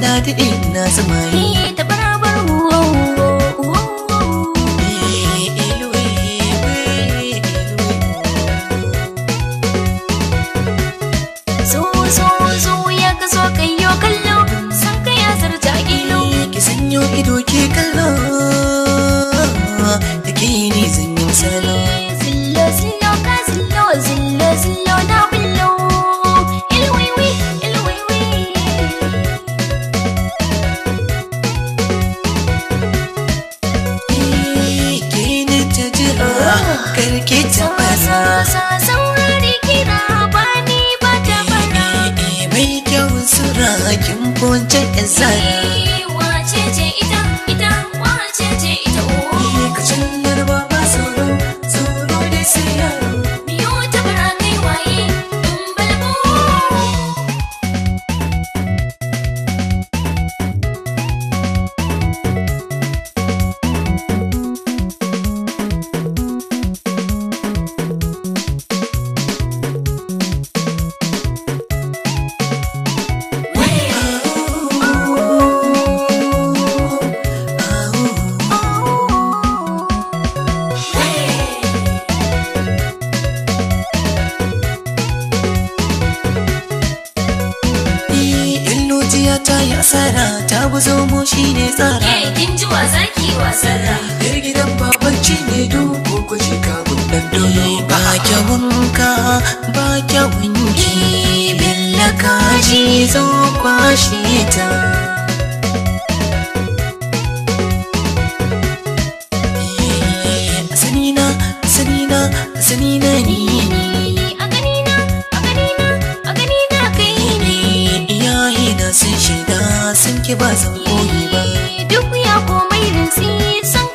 dati ina sa mai. Ni ta baraba. birkita fasa nasara ta buzo mu shi ne tsara eh kin ji wasa ki wasa da gidan babanci ne duk ko shi mun dan dole eh, ba mun ka ba mun ki billa ka ji zo kwashi ta ki ba su koyi ba duk ya komai rintsi san